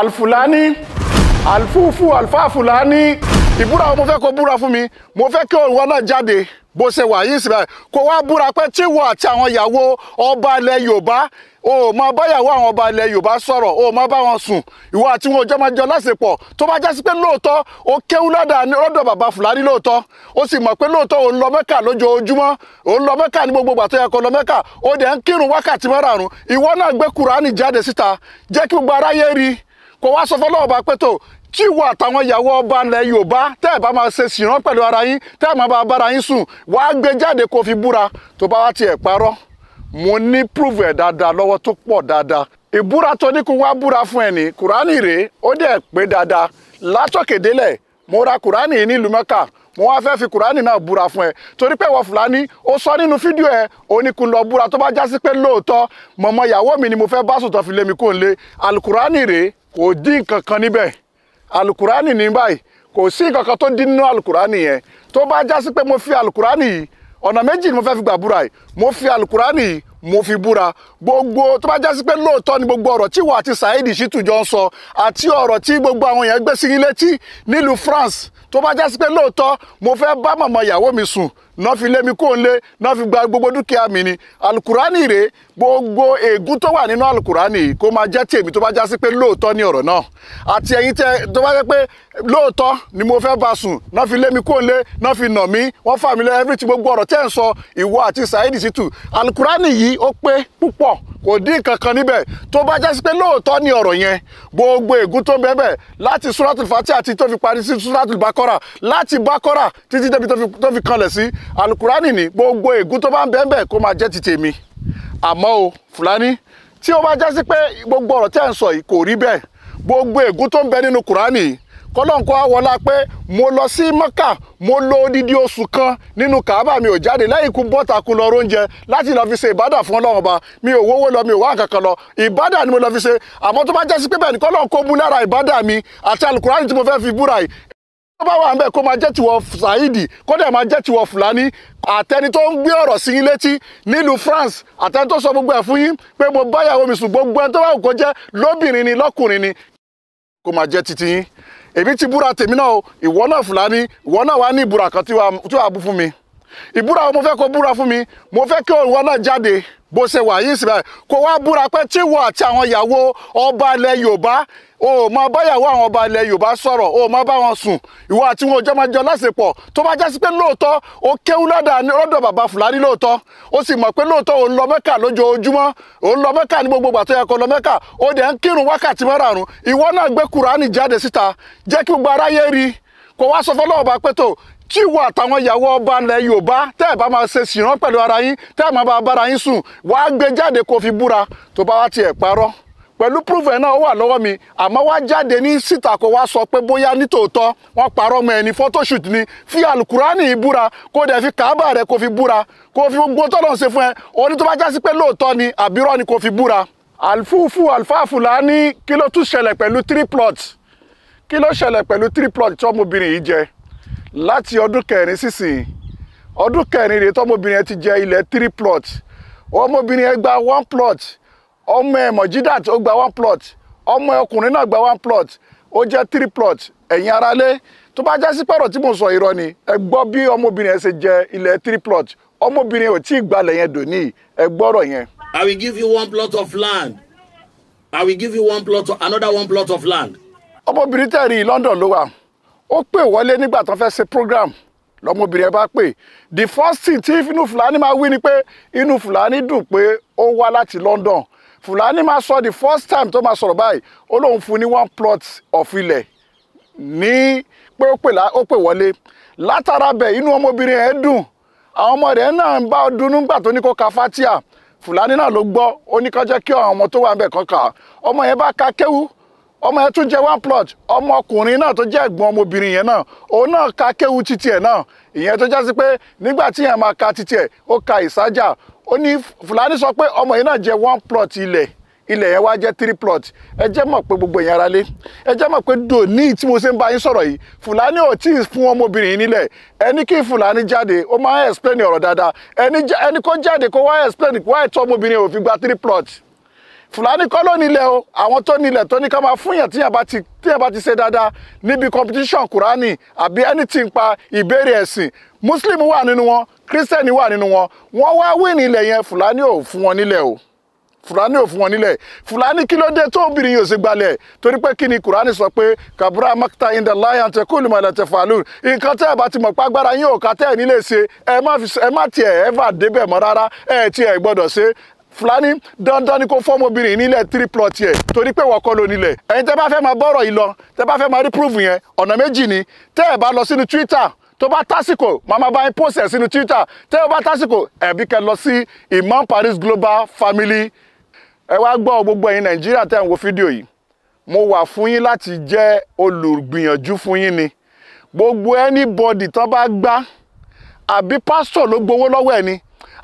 alfulani alfufu alfafulani ìbúra mo fẹ́ kó búra fún mi mo fẹ́ kí òun náà jáde bó ṣe wà yìí síbẹ̀ kó wá búra pé tíwọ àti àwọn ìyàwó ọba ilẹ̀ yorùbá o máa báyàwó àwọn ọba ilẹ̀ yorùbá sọ̀rọ̀ o máa bá wọn sùn ìwọ àti wọn òjọ́ máa jọ lásìpọ̀ tó bá jásí pé lóòótọ́ o kéwú lọ́dà lọ́dọ̀ bàbá fúlàní lóòótọ́ o sì mọ̀ pé lóòótọ́ o ń lọ mẹ́kà lójoojúmọ́ o ń lọ mẹ́kà ní gbogbo ìgbà tó yẹ lọ mẹ́kà o dẹ̀ ń kírun wákàtí márààrún ìwọ náà gbé kùránì jáde síta jẹ́ kí gbogbo aráyé rí kò wá sọ fọlọ́wọ́ bá pé tó tí ìwọ àtàwọn ìyàwó ọba ilẹ̀ yorùbá tẹ́ ẹ̀ bá máa ṣe sìrán pẹ̀lú ara yín tẹ́ ẹ̀ máa bá bára yín sùn wàá gbé jáde kó fi búra tó bá wá tiẹ̀ parọ́ mo ní prove ẹ̀ dáadáa lọ́wọ́ tó pọ̀ dáadáa ìbúra tó ní kó wá búra fún ẹ̀ ní kùránì rèé ó dẹ̀ pé dáadáa látọ̀kèdélẹ̀ mo ra kùránì yìí nílùú mẹ́kà mo wá fẹ́ fi kùránì náà búra fún ẹ torí pé ìwọ fúlàní ó sọ nínú fídíò ẹ oníkun lọ búra tó bá já sí pé lóòótọ́ mọ̀mọ́ ìyàwó mi ni mo fẹ́ bá sùn tó fi lé mi kó ń lé alukùránì rèé kò dín nǹkan kan níbẹ̀ alukurani ní báyìí kò sí nǹkan kan tó dín nínú alukurani yẹn tó bá já sí pé mo fi alukurani yìí ọ̀nà méjì ni mo fẹ́ fi gbà búra yìí mo fi alukurani yìí mo fi búra gbogbo tó bá jásí pé lóòótọ́ ni gbogbo ọ̀rọ̀ tí wà àti Saheed Shittu jọ ń sọ àti ọ̀rọ̀ tí gbogbo àwọn èèyàn gbé sí ilé tí nílùú France tó bá jásí pé lóòótọ́ mo fẹ́ bá màmá ìyàwó mi sùn náà fi lé mi kó ń lé náà fi gba gbogbo dúkìá mi ni alukurani rè gbogbo ègún tó wà nínú alukurani kó máa jẹ́ tèmi tó bá já sí pé lóòótọ́ ni ọ̀rọ̀ náà àti ẹ̀yin tó bá jẹ́ pé lóòótọ́ ni mo fẹ́ bá sùn náà fi lé mi kó lé náà fi nà mí wọ́n fà mí lé everything gbogbo ọ̀rọ̀ tẹ́ ń sọ ìwọ àti Saheed Shittu alukurani yìí ó pé púpọ̀ kò dín nǹkan níbẹ̀ tó bá jẹ́ sí pé lóòótọ́ ni ọ̀rọ̀ yẹn gbogbo ègún tó ń bẹ láti suratul fati àti tó fi parí sí suratul bakora láti bakora títí débi tó fi kanlẹ̀ sí alukurani ni gbogbo ègún tó bá ń bẹ bẹ̀ kó máa jẹ́ ti tèmi àmọ́ o Fúlàní tí ó bá jẹ́ sí pé gbogbo ọ̀rọ̀ tẹ́ ń sọ yìí kò rí bẹ́ẹ̀ gbogbo ègún tó ń bẹ nínú Kùránì yìí kọ́lọ́nkọ́ àwọlá pé mo lọ sí mọ́kà mo lo odidi oṣù kan nínú kàábà mi ò jáde lẹ́yìn ikú bọ́ta kú lọ láti lọ fi ṣe ìbádà fún ọlọ́run ọba mi ò wówó lọ mi ò wá kankan lọ ìbádà ni mo lọ fi ṣe àmọ́ tó bá jẹ́ sí pé bú lára ìbádà mi àti tí mo fẹ́ fi búra yìí tó bá wà ń kó máa tiwọ kó máa tiwọ Fúlàní àtẹni tó ń gbé sí èmi ti búra tèmi náà o ìwọ náà Fúlàní ìwọ náà wá ní ìbúra kan tí wàá bú fún mi. ìbúra mo fẹ́ kó búra fún mi mo fẹ́ kí òun náà jáde bó ṣe wà yìí síbẹ̀ kó wá búra pé tíwọ́ àti àwọn ìyàwó ọba ilẹ̀ yorùbá o ma báyàwó àwọn ọba ilẹ̀ yorùbá sọ̀rọ̀ o ma bá wọn sùn ìwọ àti wọn òjọ́ máa jọ lásìpọ̀ tó bá jásí pé lóòótọ́ o kéwú lọ́dà lọ́dọ̀ o sì mọ̀ pé lóòótọ́ o ń lọ mẹ́kà o ń lọ mẹ́kà ní gbogbo ìgbà yẹ kó lọ mẹ́kà o dẹ̀ ń kírun wákàtí márààrún ìwọ náà gbé kùránì jáde síta tí ìwọ àtàwọn ìyàwó ọba ilẹ̀ yorùbá tẹ́ ẹ̀ bá máa ṣe sìrán pẹ̀lú ara yín tẹ́ ẹ̀ máa bá bára yín sùn wàá gbé jáde kó fi búra tó bá wá tiẹ̀ parọ́ pẹ̀lú proof ẹ̀ náà wà lọ́wọ́ mi àmọ́ wá jáde ní síta kó wá sọ pé bóyá nítòótọ́ wọ́n parọ́ mọ́ ẹni photoshoot ni fi alukurani ìbúra kó dẹ̀ fi kàábà rẹ̀ kó fi búra kó fi gbogbo tọ́lọ̀ ṣe fún ẹ oní tó bá jásí pé lóòótọ́ ni àbírọ́ ni kó fi búra. àlùfùfù àlùfáàfù là á ní kí ló tún ṣẹlẹ̀ pẹ̀lú three plots kí ló ṣẹlẹ̀ pẹ̀lú three plots tí ọmọbìnrin yìí jẹ́ láti ọdún kẹrin sísìn ọdún kẹrin rèé tọmọbìnrin ẹ ti jẹ ilẹ̀ three plot ọmọbìnrin ẹ gba one plot ọmọ ẹ Mojidat ó gba one plot ọmọ ẹ ọkùnrin náà gba one plot ó jẹ́ three plot ẹ̀yin aráalé tó bá já sí pẹ̀rọ̀ tí mò sọ irọ́ ni ẹ gbọ́ bí ọmọbìnrin ẹ ṣe jẹ ilẹ̀ three plot ọmọbìnrin ò tí ì gbalẹ̀ yẹn dòní ẹ gbọ́rọ̀ yẹn. I will give you one plot of land I will give you one plot another one plot of land. ọmọbìnrin tẹ̀rí London ló wà. ó pè wọlé nígbà tó fẹ́ ṣe program lọmọbìnrin ẹ bá pè the first thing tí inú fúlàní máa wí ni pé inú fúlàní dùn pé ó wá láti London fúlàní máa sọ the first time tó máa sọ̀rọ̀ báyìí ó lóun fún ní one plot of ilẹ̀ ní pé ó pè wọlé látara bẹ̀ inú ọmọbìnrin ẹ dùn àwọn ọmọ rẹ̀ náà ń bá dunnú gbà tó ní kó ka fatia fúlàní náà ló gbọ́ ó ní kí àwọn ọmọ tó wà ń bẹ̀ kan kà ọmọ yẹn bá ka kéwú ọmọ ẹtụ tún jẹ one plot ọmọkùnrin náà tó jẹ ẹgbọn ọmọbìnrin yẹn náà òun náà ka kéwu naa ìyẹn tó jásí pé nígbà tí yẹn máa ka titi ẹ̀ ó ka ìsájà ó ní fúlàní sọ pé ọmọ yẹn náà jẹ one plot ilẹ̀ ilẹ̀ yẹn wá three plot ẹ jẹ mọ̀ pé gbogbo ara ẹ mọ̀ pé tí mo ṣe ń bá yín sọ̀rọ̀ yìí fúlàní ò tí ì fún ọmọbìnrin fúlàní kọ́ ló nílẹ̀ o àwọn tó nílẹ̀ tó ní ká máa fún yàn tíyàn bá ti tíyàn bá ti ṣe dáadáa níbi competition kùránì àbí anything pa ìbéèrè ẹ̀sìn muslim wà nínú wọn christian wà nínú wọn wọ́n wá wíìnì ilẹ̀ yẹn fúlàní ò fún wọn nílẹ̀ o fúlàní ò fún wọn nílẹ̀ fúlàní kí ló dé tó obìnrin yóò ṣe gbalẹ̀ torí pé kí ni kùránì sọ pé kabura makta inda lion tẹ kúlù mọ̀lẹ̀ tẹ fàlù nǹkan tẹ́ ẹ̀ bá ti mọ̀ pàgbára yín ò ká tẹ́ ẹ̀ nílé ṣe ẹ má tiẹ̀ ẹ̀ bá débẹ̀ mọ́ rárá ẹ̀ tiẹ̀ gbọ́dọ̀ ṣe fúlàní dandan ni kò fọ́mọbìnrin nílẹ̀ three plot yẹ torí pé wọ́n kọ́ ló nílẹ̀ ẹ̀yin tẹ́ bá fẹ́ máa bọ́rọ̀ yìí lọ tẹ́ bá fẹ́ máa rí proof yẹn ọ̀nà méjì ni tẹ́ ẹ̀ bá lọ sínú Twitter tó bá tásìkò màmá bá ń post sínú Twitter tẹ́ ẹ bá tásìkò ẹ̀bí kẹ́ lọ sí Imam Paris Global Family ẹ wá gbọ́ gbogbo ẹ̀yin Nàìjíríà tẹ́ ń wo fídíò yìí mo wà fún yín láti jẹ́ olùgbìyànjú fún yín ni gbogbo anybody tán bá gbá àbí pásítọ̀ ló gbowó lọ́wọ́ ẹ̀ ni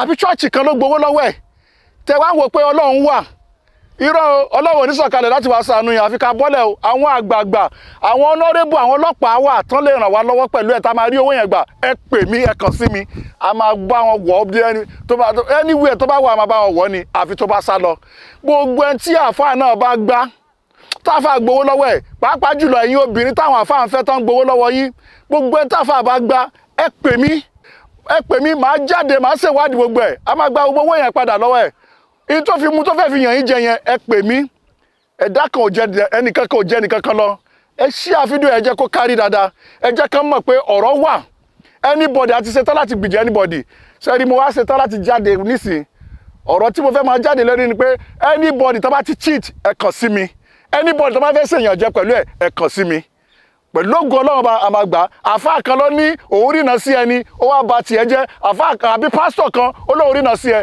àbí chọ́ọ̀chì kan ló gbowó lọ́wọ́ ẹ̀ tẹ wá ń wò pé ọlọ́run wà irọ́ ọlọ́run onísọ̀kalẹ̀ láti wá ṣàánú yẹn àfi ká bọ́lẹ̀ o àwọn àgbààgbà àwọn ọ̀nọ́rẹ́bù àwọn ọlọ́pàá wà tán lè ràn wá lọ́wọ́ pẹ̀lú ẹ̀ tá a máa rí owó yẹn gbà ẹ pè mí ẹ kàn sí mi a máa bá wọn wọ̀ ọ́ bí ẹni tó bá anywhere tó bá wà a máa bá wọn wọ̀ ọ́ ni àfi tó bá sá lọ gbogbo ẹni tí àáfàá náà bá gbá táfà gbowó lọ́wọ́ ẹ̀ pàápàá jùlọ ẹ̀yin obìnrin táwọn àáfàá ń fẹ́ tán gbowó lọ́wọ́ yín gbogbo ẹni táfà bá gbá ẹ pè mí ẹ pè mí màá jáde màá ṣèwádìí gbogbo ẹ̀ a máa in tó fi mu tó fẹ́ fi yàn yín jẹ yẹn ẹ pè mí ẹ̀dá kan ò jẹ ẹnìkan kan ò jẹ ẹnìkan kan lọ ẹ ṣí àfídíò ẹ jẹ́ kó kárí dáadáa ẹ jẹ́ kán mọ̀ pé ọ̀rọ̀ wà anybody àti ṣetán láti gbìjẹ́ anybody sẹ́ni mo wá ṣetán láti jáde nísìn ọ̀rọ̀ tí mo fẹ́ máa jáde lórí ni pé anybody tó bá ti cheat ẹ kàn sí mi anybody tó bá fẹ́ ṣèyàn jẹ pẹ̀lú ẹ ẹ kàn sí mi pẹ̀lú ògùn ọlọ́run bá a máa gbà àfa kan ló ní òun rìnà sí ẹni ó wá ba tiẹ̀ jẹ́ àfa kan àbí pásítọ̀ kan ó lóun rìnà sí ẹ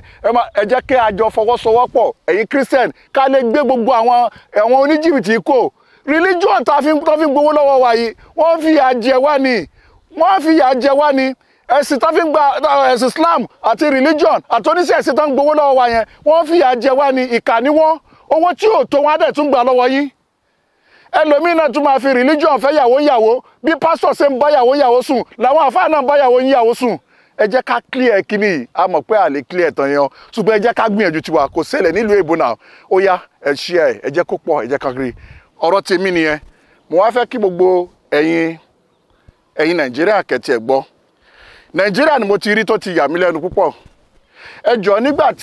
ẹ jẹ́ kí a jọ fọwọ́sowọ́pọ̀ ẹ̀yin christian ká lè gbé gbogbo àwọn ẹ̀wọ̀n oníjìbìtì kò religion tá fi ń gbowó lọ́wọ́ wa yìí wọ́n fi yà jẹ wá ni wọ́n fi yà jẹ wá ni ẹ̀sìn tó fi gba ẹ̀sìn Islam àti religion àti oníṣẹ́ ẹ̀sìn tó ń gbowó lọ́wọ́ wa yẹn wọ́n fìyà jẹ wá ní ìkà ni wọ́n owó tí ò tó wọn á dẹ̀ tún gbà lọ́wọ́ yín ẹlòmíín náà tún máa fi religion fẹ́ yàwó yàwó bí pastor ṣe ń bá yàwó yàwó sùn làwọn àfáà náà ń bá yàwó sùn ẹ jẹ́ clear kíní yìí a mọ̀ pé a clear tán yẹn ṣùgbọ́n ẹ jẹ́ ká gbìyànjú tiwa kò sẹlẹ̀ nílùú èbó náà ó yá ẹ ẹ jẹ́ gbogbo ẹ̀yin ẹ̀yin nàìjíríà kẹ̀tì ẹ̀ gbọ́ ni mo ti ti yà mí lẹ́nu púpọ̀ ẹ jọ nígbà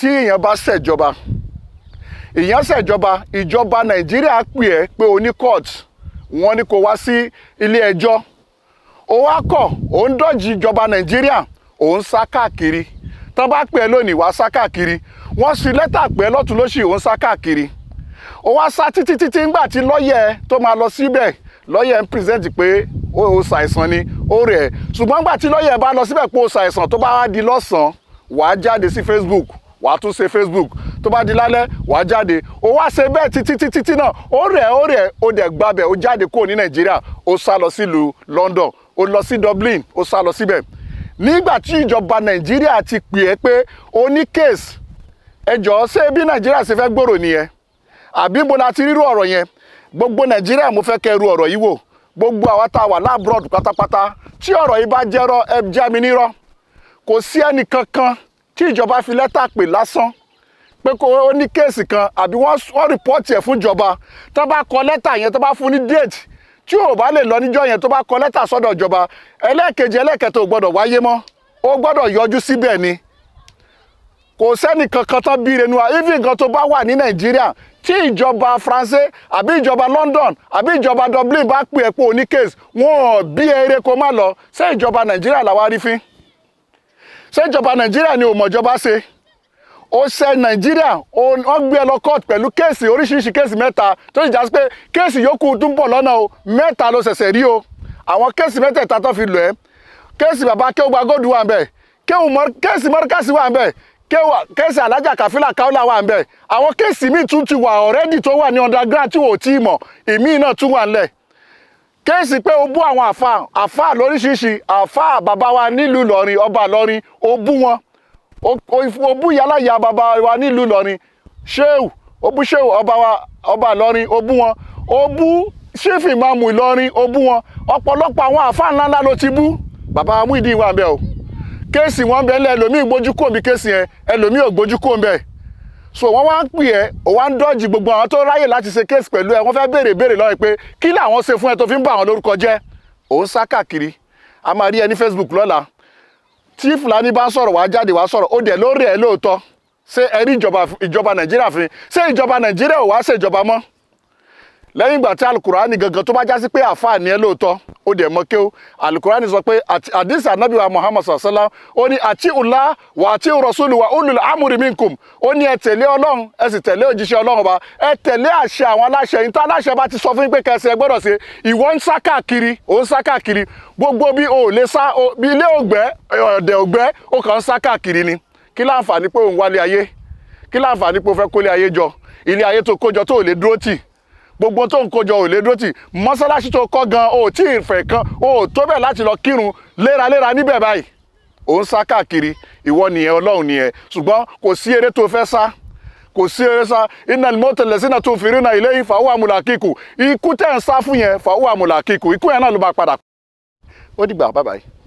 ìyánsẹ̀jọba ìjọba nàìjíríà pè ẹ́ pé o ní court wọ́n ní kó wá sí ilé ẹjọ́ o wá kọ̀ o ń dọ́jì ìjọba nàìjíríà o ń sá káàkiri tán bá pè ẹ́ lónìí wá sá káàkiri wọ́n sì lẹ́tà pé lọ́tún lóṣì o ń sá káàkiri o wá sá títí títí ńgbà tí lọ́yẹ̀ tó máa lọ síbẹ̀ lọ́yẹ̀ ń present pé o ṣàìsàn ni ó rẹ̀ ṣùgbọ́n ńgbà tí lọ́yẹ̀ bá lọ síbẹ̀ pé o ṣàìsàn tó bá wá di lọ́sàn-án wàá jáde sí Facebook wàá tún ṣe Facebook tó bá di lálẹ́ wàá jáde ó wá ṣe bẹ́ẹ̀ títí títí títí náà ó rẹ̀ ó rẹ̀ ó dẹ̀ gbabẹ̀ ó jáde kúrò ní Nàìjíríà ó London ó lọ sí Dublin ó sá lọ síbẹ̀ nígbà tí ìjọba Nàìjíríà ti pè é pé ó ní case ẹjọ́ ṣé bí Nàìjíríà ṣe fẹ́ gbòòrò nìyẹn àbí mo ti rírú ọ̀rọ̀ yẹn gbogbo Nàìjíríà mo fẹ́ kẹrù ọ̀rọ̀ yìí wò gbogbo àwa tá a wà láàbùrọ̀dù pátápátá tí ọ̀rọ̀ yìí bá jẹ́rọ ẹ jẹ́ mi nírọ́ kò tí ìjọba fi lẹ́tà pè lásán pé kó o ní kéèsì kan àbí wọ́n rìpọ́ọ̀tì ẹ̀ fún ìjọba tó bá kọ lẹ́tà yẹn tó bá fún ní déètì tí ò bá lè lọ níjọ́ yẹn tó bá kọ lẹ́tà sọ́dọ̀ ìjọba ẹlẹ́ẹ̀kejì ẹlẹ́ẹ̀kẹta ò gbọ́dọ̀ wáyé mọ́ ó gbọ́dọ̀ yọjú síbẹ̀ ni kò sẹ́ni kankan tán bí irenu wa even nǹkan tó bá wà ní nàìjíríà tí ìjọba france àbí ìjọba london àbí ìjọba dublin bá pè é pé oníkèsì wọn ò bí eré kó má lọ ṣé ìjọba nàìjíríà làwa rí ṣèjọba nàìjíríà ni ò mọ̀jọba ṣe ó ṣe nàìjíríà wọ́n gbé ẹ lọ court pẹ̀lú kéèsì oríṣiríṣi kéèsì mẹ́ta tó sì já sí pé kéèsì yòókù tún bọ̀ lọ́nà o mẹ́ta ló ṣẹ̀ṣẹ̀ rí o àwọn kéèsì mẹ́tẹ̀ẹ̀ta tó fi lọ ẹ́ kéèsì bàbá kéwùgbà góòdù wà ń bẹ̀ kéèsì mọ́ríkàsì wà ń bẹ̀ kéèsì alájà kàfílà káúlà wà ń bẹ̀ àwọn kéèsì míì tún ti wà ọ̀rẹ́dì tó wà ní underground tí wò ó tí ì mọ̀ ìmíì náà tún wà ńlẹ̀ kéèsì pé o bú àwọn àfáà àfáà lóríṣiríṣi àfáà bàbá wa nílùú Ìlọrin ọba Ìlọrin o bú wọn o bú yálàyà bàbá wa nílùú Ìlọrin Ṣéwù o bú Ṣéwù ọba wa ọba Ìlọrin o bú wọn o bú Ṣífì Ìmáàmù Ìlọrin o bú wọn ọ̀pọ̀lọpọ̀ àwọn àfáà ńláńlá ló ti bú bàbá wa Muyideen wà bẹ́ẹ̀ o kéèsì wọn bẹ́ẹ̀ lẹ́ ẹlòmíì gbójú kò bí kéèsì yẹn ẹlòmíì ò gbójú kò bẹ́ẹ̀ so wọ́n wá ń pè ẹ́ ò wá ń dọ́jì gbogbo àwọn tó ráyè láti ṣe kéèsì pẹ̀lú ẹ wọ́n fẹ́ béèrè béèrè lọ́wọ́ pé kí làwọn ṣe fún ẹ tó fi ń bà àwọn lórúkọ jẹ́ òun sá káàkiri a máa rí ẹ Facebook lọ́la tí Fúlàní bá sọ̀rọ̀ wá jáde wá sọ̀rọ̀ ó dẹ̀ lórí ẹ lóòótọ́ ṣé ẹ rí ìjọba Nàìjíríà fún ṣé ìjọba Nàìjíríà ò wá ṣèjọba mọ́ lẹ́yìn ìgbà tí alukurani gangan tó bá já sí pé àfààní ẹ lóòótọ́ ó dẹ̀ mọ́ kí ó alukurani sọ pé àdìsí anabi wa muhammad sallam ó ní àti ula wa àti rasulu wa ulul amuri minkum ó ní ẹ tẹ̀lé ọlọ́run ẹ sì tẹ̀lé òjíṣẹ́ ọlọ́run ọba ẹ tẹ̀lé àṣẹ àwọn aláṣẹ yìí tá aláṣẹ bá ti sọ fún yín pé kẹsì ẹ gbọ́dọ̀ ṣe ìwọ ń sá káàkiri ó ń sá káàkiri gbogbo bí o ò lè sá bí ilé ògbẹ́ ọ̀dẹ̀ ògbẹ́ ó kàn ń sá káàkiri ni kí láǹfààní pé òun wálé ayé kí láǹfààní pé òun fẹ́ kólé ayé jọ ilé ayé tó kójọ tó lè dúró tì gbogbo tó ń kojọ ò lè dúró tì mọ́sálásí tó kọ́ gan o tí ìfẹ́ kan o tó bẹ̀ láti lọ kírun léraléra níbẹ̀ báyìí ò ń sá káàkiri ìwọ nìyẹn ọlọ́run nìyẹn ṣùgbọ́n kò sí eré tó fẹ́ sá kò sí eré sá iná mọ́tẹ̀lẹ̀ sínú tó fi rínà ilé yìí fàáwọ́ àmúlà kíkù ikú tẹ̀ ń sá fún yẹn fàáwọ́ àmúlà kíkù ikú yẹn náà ló máa padà. ó dìgbà bye bye.